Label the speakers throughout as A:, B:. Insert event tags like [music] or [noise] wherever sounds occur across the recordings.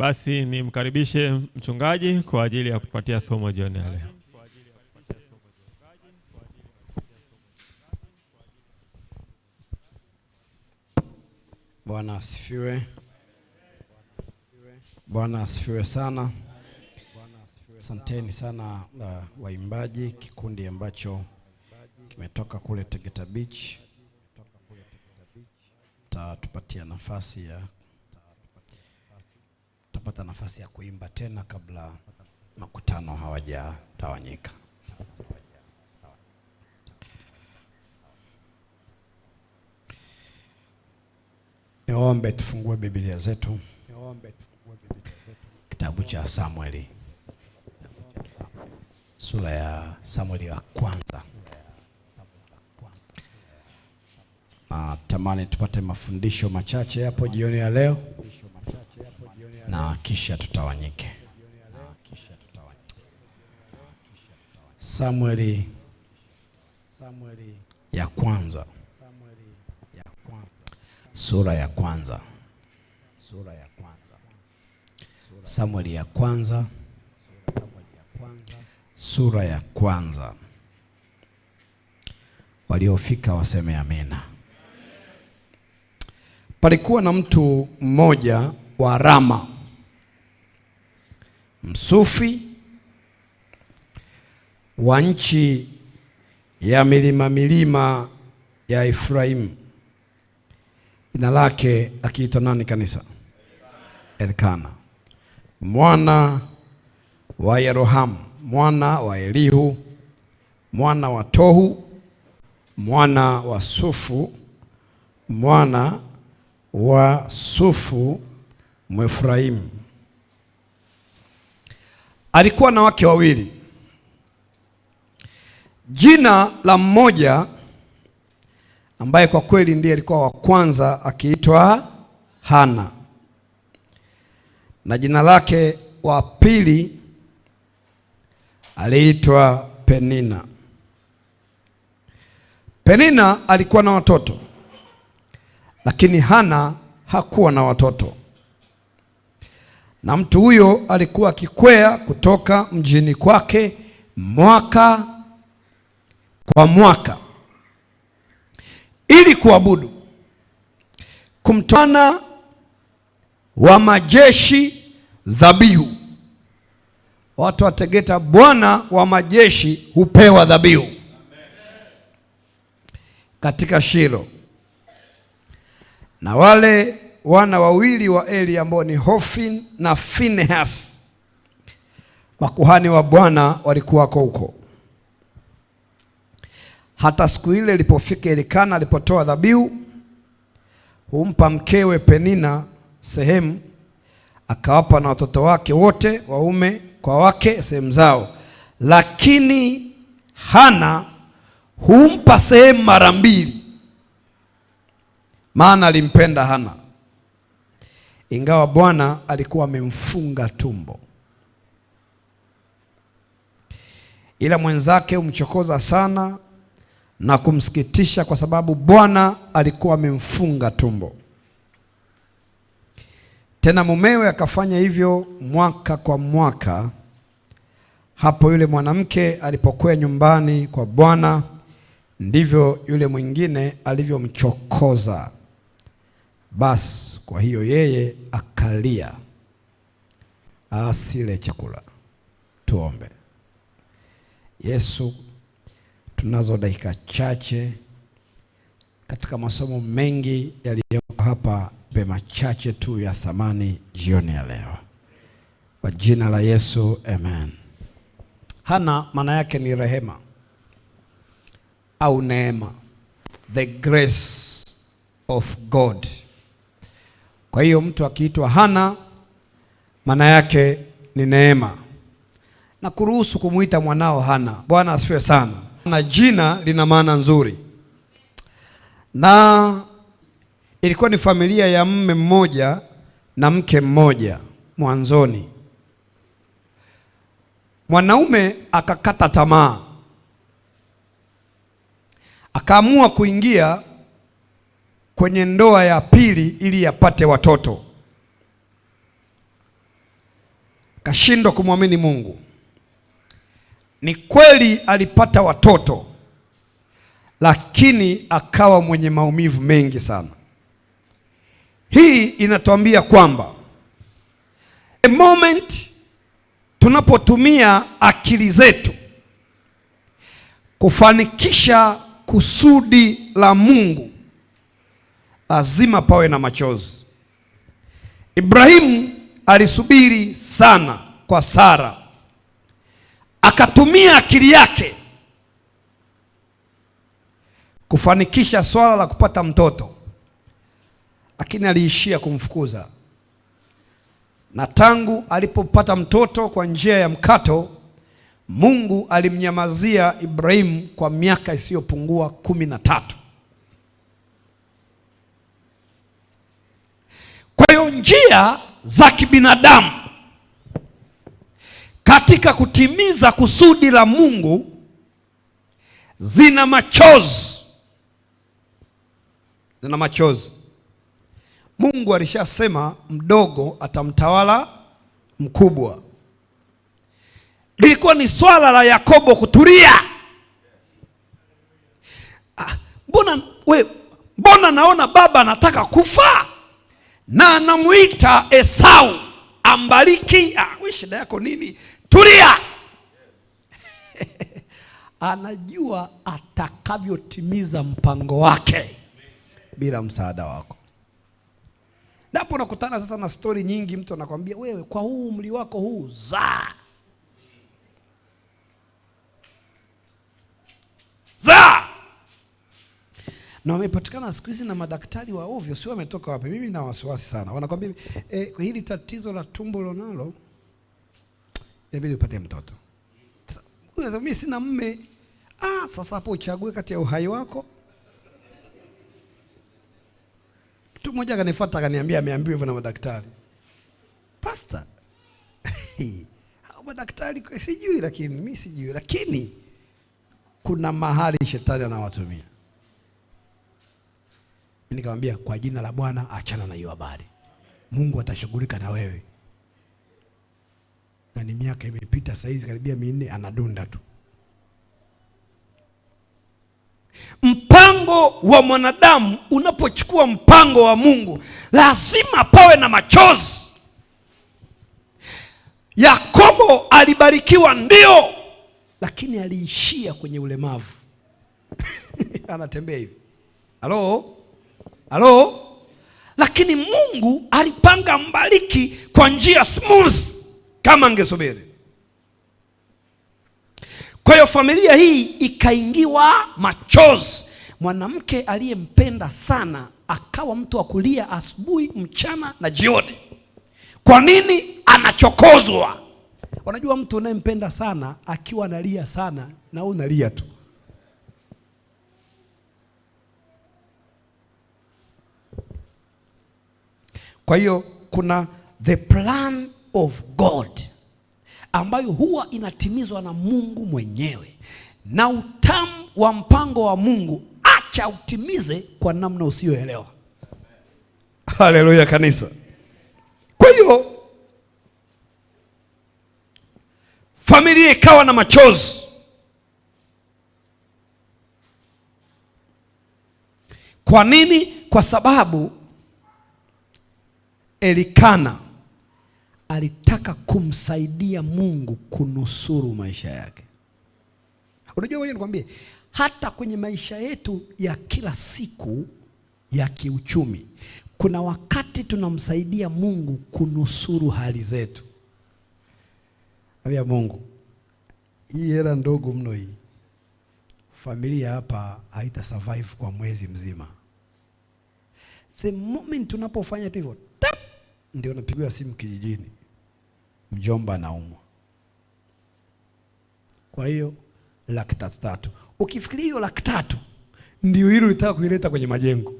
A: Basi nimkaribishe mchungaji kwa ajili ya kutupatia somo jioni ya leo.
B: Bwana asifiwe. Bwana asifiwe sana. Asanteni sana uh, waimbaji, kikundi ambacho kimetoka kule Tegeta Beach tatupatia nafasi ya utapata nafasi ya kuimba tena kabla makutano hawajatawanyika. Niombe tufungue Biblia zetu, kitabu cha Samueli sura ya Samueli wa kwanza. Natamani tupate mafundisho machache hapo jioni ya leo na kisha tutawanyike. Samueli ya kwanza sura ya kwanza Samueli ya kwanza sura ya kwanza. Waliofika waseme amina. Palikuwa na mtu mmoja wa Rama msufi wa nchi ya milima milima ya Efraimu, jina lake akiitwa nani? Kanisa Elkana mwana wa Yerohamu mwana wa Elihu mwana wa Tohu mwana wa Sufu mwana wa Sufu Mwefraimu alikuwa na wake wawili. Jina la mmoja ambaye kwa kweli ndiye alikuwa wa kwanza akiitwa Hana, na jina lake wa pili aliitwa Penina. Penina alikuwa na watoto, lakini Hana hakuwa na watoto na mtu huyo alikuwa akikwea kutoka mjini kwake mwaka kwa mwaka ili kuabudu kumtana wa majeshi dhabihu. Watu wa Tegeta, Bwana wa majeshi hupewa dhabihu katika Shilo, na wale wana wawili wa Eli ambao ni Hofni na finehas makuhani wa Bwana walikuwako huko. Hata siku ile ilipofika Elikana alipotoa dhabihu, humpa mkewe Penina sehemu, akawapa na watoto wake wote waume kwa wake sehemu zao, lakini Hana humpa sehemu mara mbili, maana alimpenda Hana ingawa Bwana alikuwa amemfunga tumbo, ila mwenzake humchokoza sana na kumsikitisha kwa sababu Bwana alikuwa amemfunga tumbo. Tena mumewe akafanya hivyo mwaka kwa mwaka. Hapo yule mwanamke alipokuwa nyumbani kwa Bwana, ndivyo yule mwingine alivyomchokoza. Basi kwa hiyo yeye akalia asile chakula. Tuombe. Yesu, tunazo dakika chache katika masomo mengi yaliyoko hapa, pe machache tu ya thamani jioni ya leo, kwa jina la Yesu, amen. Hana maana yake ni rehema au neema, the grace of God kwa hiyo mtu akiitwa Hana maana yake ni neema na kuruhusu kumwita mwanao Hana. Bwana asifiwe sana. Na jina lina maana nzuri, na ilikuwa ni familia ya mme mmoja na mke mmoja. Mwanzoni mwanaume akakata tamaa, akaamua kuingia kwenye ndoa ya pili ili yapate watoto, kashindwa kumwamini Mungu. Ni kweli alipata watoto, lakini akawa mwenye maumivu mengi sana. Hii inatuambia kwamba a moment tunapotumia akili zetu kufanikisha kusudi la Mungu lazima pawe na machozi. Ibrahimu alisubiri sana kwa Sara, akatumia akili yake kufanikisha swala la kupata mtoto, lakini aliishia kumfukuza, na tangu alipopata mtoto kwa njia ya mkato, Mungu alimnyamazia Ibrahimu kwa miaka isiyopungua kumi na tatu. njia za kibinadamu katika kutimiza kusudi la Mungu zina machozi, zina machozi. Mungu alishasema mdogo atamtawala mkubwa. Lilikuwa ni swala la Yakobo kutulia. Ah, mbona we, mbona naona baba anataka kufa? na anamuita Esau ambariki. Ah, shida yako nini? Tulia. [laughs] Anajua atakavyotimiza mpango wake bila msaada wako. Napo nakutana sasa na stori nyingi, mtu anakwambia wewe, kwa huu umri wako huu zaa na wamepatikana siku hizi na madaktari wa ovyo, sio wametoka wapi? Mimi na wasiwasi sana, wanakwambia eh, hili tatizo la tumbo lonalo inabidi upate mtoto. Mimi sina mme. Ah, sasa hapo uchague kati ya uhai wako. Mtu mmoja akanifuata akaniambia, ameambiwa hivyo na madaktari. Pastor. [laughs] hao madaktari sijui, lakini mimi sijui, lakini kuna mahali shetani anawatumia. Nikamwambia kwa jina la Bwana achana na hiyo habari, Mungu atashughulika na wewe. Na ni miaka imepita sasa hizi karibia minne, anadunda tu. Mpango wa mwanadamu unapochukua mpango wa Mungu lazima pawe na machozi. Yakobo alibarikiwa ndio, lakini aliishia kwenye ulemavu [laughs] anatembea hivi. Halo? Halo? Lakini Mungu alipanga mbariki kwa njia smooth kama angesubiri. Kwa hiyo familia hii ikaingiwa machozi. Mwanamke aliyempenda sana akawa mtu wa kulia asubuhi, mchana na jioni. Kwa nini? Anachokozwa. Unajua, mtu unayempenda sana akiwa analia sana, na wewe unalia tu Kwa hiyo kuna the plan of God ambayo huwa inatimizwa na Mungu mwenyewe, na utamu wa mpango wa Mungu acha utimize kwa namna usiyoelewa. Haleluya kanisa. Kwa hiyo familia ikawa na machozi kwa nini? Kwa sababu Elikana alitaka kumsaidia Mungu kunusuru maisha yake. Unajua wewe, nikwambie, hata kwenye maisha yetu ya kila siku ya kiuchumi kuna wakati tunamsaidia Mungu kunusuru hali zetu. Ambia Mungu, hii hela ndogo mno hii, familia hapa haita survive kwa mwezi mzima. The moment tunapofanya hivyo ndio napigiwa simu kijijini, mjomba anaumwa, kwa hiyo laki tatu tatu. Ukifikiria hiyo laki tatu ndio hilo litaka kuileta kwenye majengo,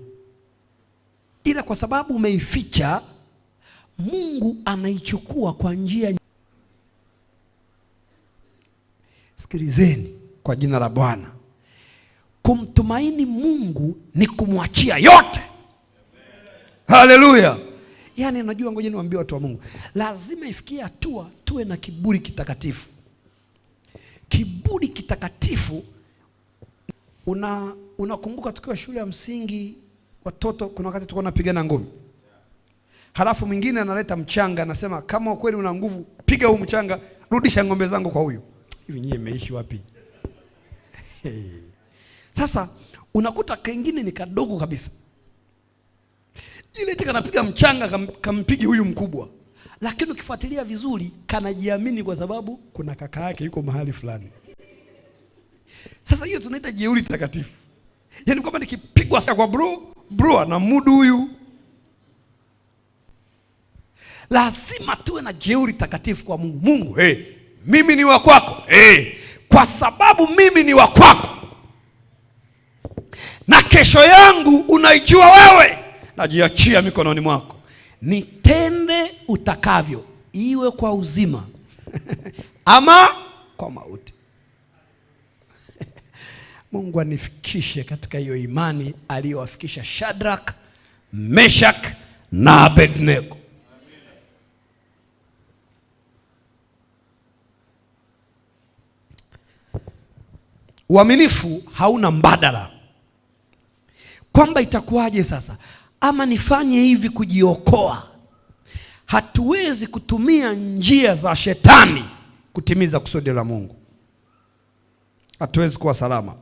B: ila kwa sababu umeificha, Mungu anaichukua kwa njia. Sikilizeni kwa jina la Bwana. Kumtumaini Mungu ni kumwachia yote. Haleluya! Yaani najua, ngoja niwaambie watu wa Mungu, lazima ifikie hatua tuwe na kiburi kitakatifu. Kiburi kitakatifu, una unakumbuka tukiwa shule ya msingi watoto, kuna wakati tulikuwa tunapigana ngumi, halafu mwingine analeta mchanga, anasema kama kweli una nguvu, piga huu mchanga, rudisha ng'ombe zangu kwa huyu. Hivi nyie mmeishi wapi? [laughs] Hey. Sasa unakuta kengine ni kadogo kabisa ile eti kanapiga mchanga kampigi huyu mkubwa, lakini ukifuatilia vizuri kanajiamini kwa sababu kuna kaka yake yuko mahali fulani. Sasa hiyo tunaita jeuri takatifu, yaani kwamba nikipigwa kwa bro bro na mudu huyu. Lazima tuwe na jeuri takatifu kwa Mungu. Mungu, hey, eh, mimi ni wa kwako hey, eh, kwa sababu mimi ni wa kwako na kesho yangu unaijua wewe najiachia mikononi mwako, nitende utakavyo, iwe kwa uzima [laughs] ama kwa mauti. [laughs] Mungu anifikishe katika hiyo imani aliyowafikisha shadrak meshak na Abednego. Uaminifu hauna mbadala, kwamba itakuwaje sasa ama nifanye hivi kujiokoa. Hatuwezi kutumia njia za shetani kutimiza kusudi la Mungu, hatuwezi kuwa salama.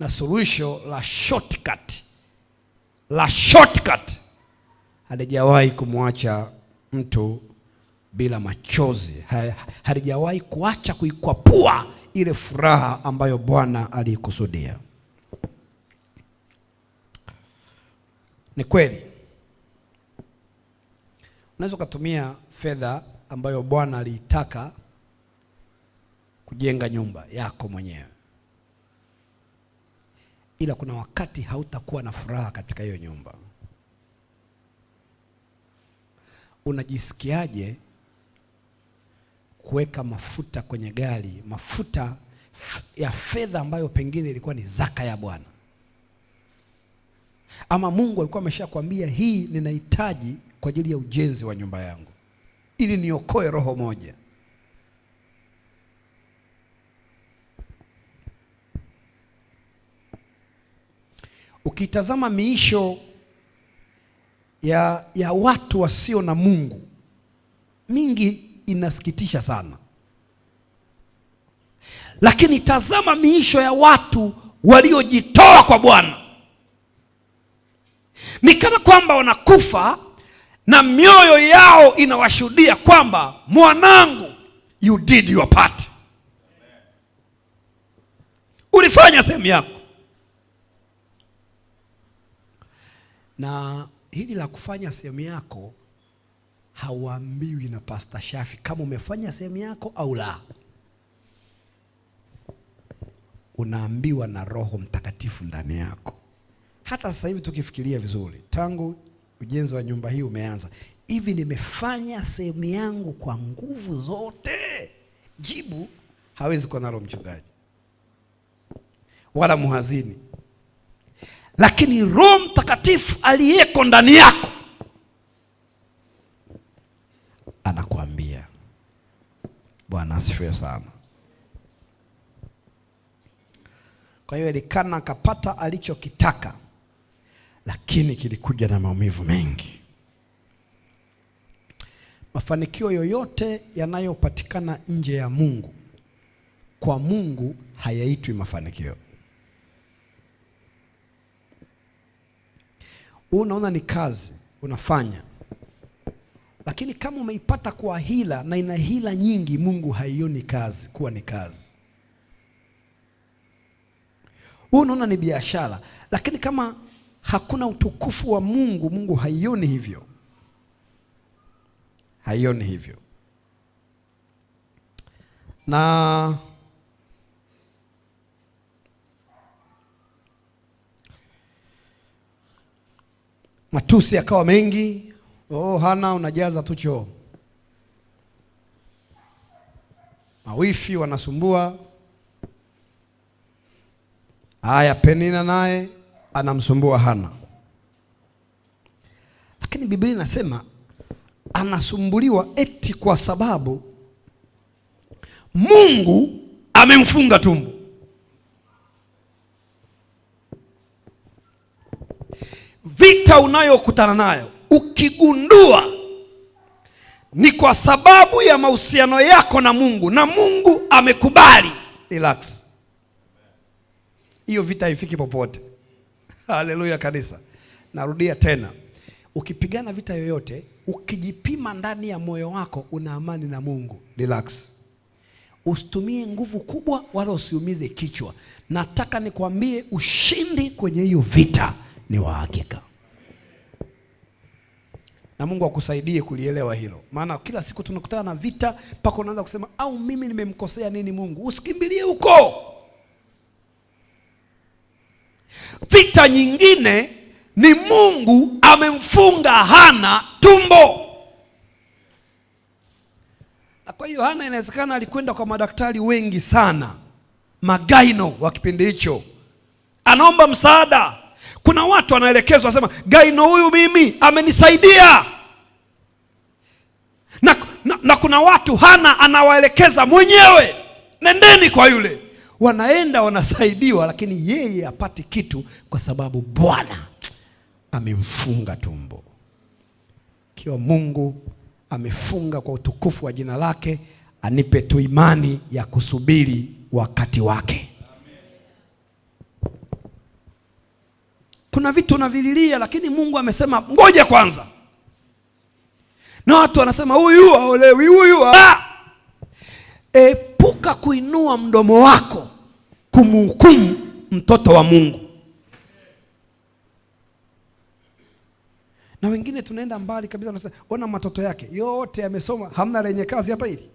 B: Na suluhisho la shortcut la shortcut halijawahi kumwacha mtu bila machozi, halijawahi kuacha kuikwapua ile furaha ambayo Bwana aliikusudia. Ni kweli unaweza ukatumia fedha ambayo Bwana aliitaka kujenga nyumba yako mwenyewe, ila kuna wakati hautakuwa na furaha katika hiyo nyumba. Unajisikiaje kuweka mafuta kwenye gari, mafuta ya fedha ambayo pengine ilikuwa ni zaka ya Bwana? ama Mungu alikuwa ameshakwambia hii ninahitaji kwa ajili ya ujenzi wa nyumba yangu ili niokoe roho moja. Ukitazama miisho ya, ya watu wasio na Mungu mingi inasikitisha sana, lakini tazama miisho ya watu waliojitoa kwa Bwana. Ni kana kwamba wanakufa na mioyo yao inawashuhudia kwamba mwanangu, you did your part, ulifanya sehemu yako. Na hili la kufanya sehemu yako hauambiwi na Pastor Shafi kama umefanya sehemu yako au la, unaambiwa na Roho Mtakatifu ndani yako hata sasa hivi tukifikiria vizuri, tangu ujenzi wa nyumba hii umeanza hivi, nimefanya sehemu yangu kwa nguvu zote? Jibu hawezi kuwa nalo mchungaji wala muhazini, lakini Roho Mtakatifu aliyeko ndani yako anakuambia. Bwana asifiwe sana. Kwa hiyo Elikana akapata alichokitaka lakini kilikuja na maumivu mengi. Mafanikio yoyote yanayopatikana nje ya Mungu kwa Mungu hayaitwi mafanikio. Wewe unaona ni kazi unafanya, lakini kama umeipata kwa hila na ina hila nyingi, Mungu haioni kazi kuwa ni kazi. Wewe unaona ni biashara, lakini kama hakuna utukufu wa Mungu. Mungu haioni hivyo, haioni hivyo. Na matusi yakawa mengi. Oh, hana unajaza tu choo. Mawifi wanasumbua. Haya, Penina naye anamsumbua Hana, lakini Biblia inasema anasumbuliwa eti kwa sababu Mungu amemfunga tumbo. Vita unayokutana nayo ukigundua ni kwa sababu ya mahusiano yako na Mungu na Mungu amekubali, relax, hiyo vita haifiki popote. Haleluya kanisa. Narudia tena, ukipigana vita yoyote, ukijipima ndani ya moyo wako, una amani na Mungu. Relax, usitumie nguvu kubwa, wala usiumize kichwa. Nataka nikwambie, ushindi kwenye hiyo vita ni wa hakika, na Mungu akusaidie kulielewa hilo, maana kila siku tunakutana na vita mpaka unaanza kusema, au mimi nimemkosea nini Mungu? Usikimbilie huko. Vita nyingine ni Mungu amemfunga Hana tumbo, na kwa hiyo Hana inawezekana alikwenda kwa madaktari wengi sana, magaino wa kipindi hicho, anaomba msaada. Kuna watu wanaelekezwa, asema gaino huyu mimi amenisaidia na, na, na kuna watu Hana anawaelekeza mwenyewe, nendeni kwa yule wanaenda wanasaidiwa, lakini yeye apati kitu kwa sababu Bwana amemfunga tumbo. Ikiwa Mungu amefunga kwa utukufu wa jina lake, anipe tu imani ya kusubiri wakati wake. Kuna vitu unavililia, lakini Mungu amesema ngoja kwanza, na watu wanasema huyu haolewi, huyu e, epuka kuinua mdomo wako kumhukumu mtoto wa Mungu. Na wengine tunaenda mbali kabisa, tunasema ona, matoto yake yote yamesoma, hamna lenye kazi hata hili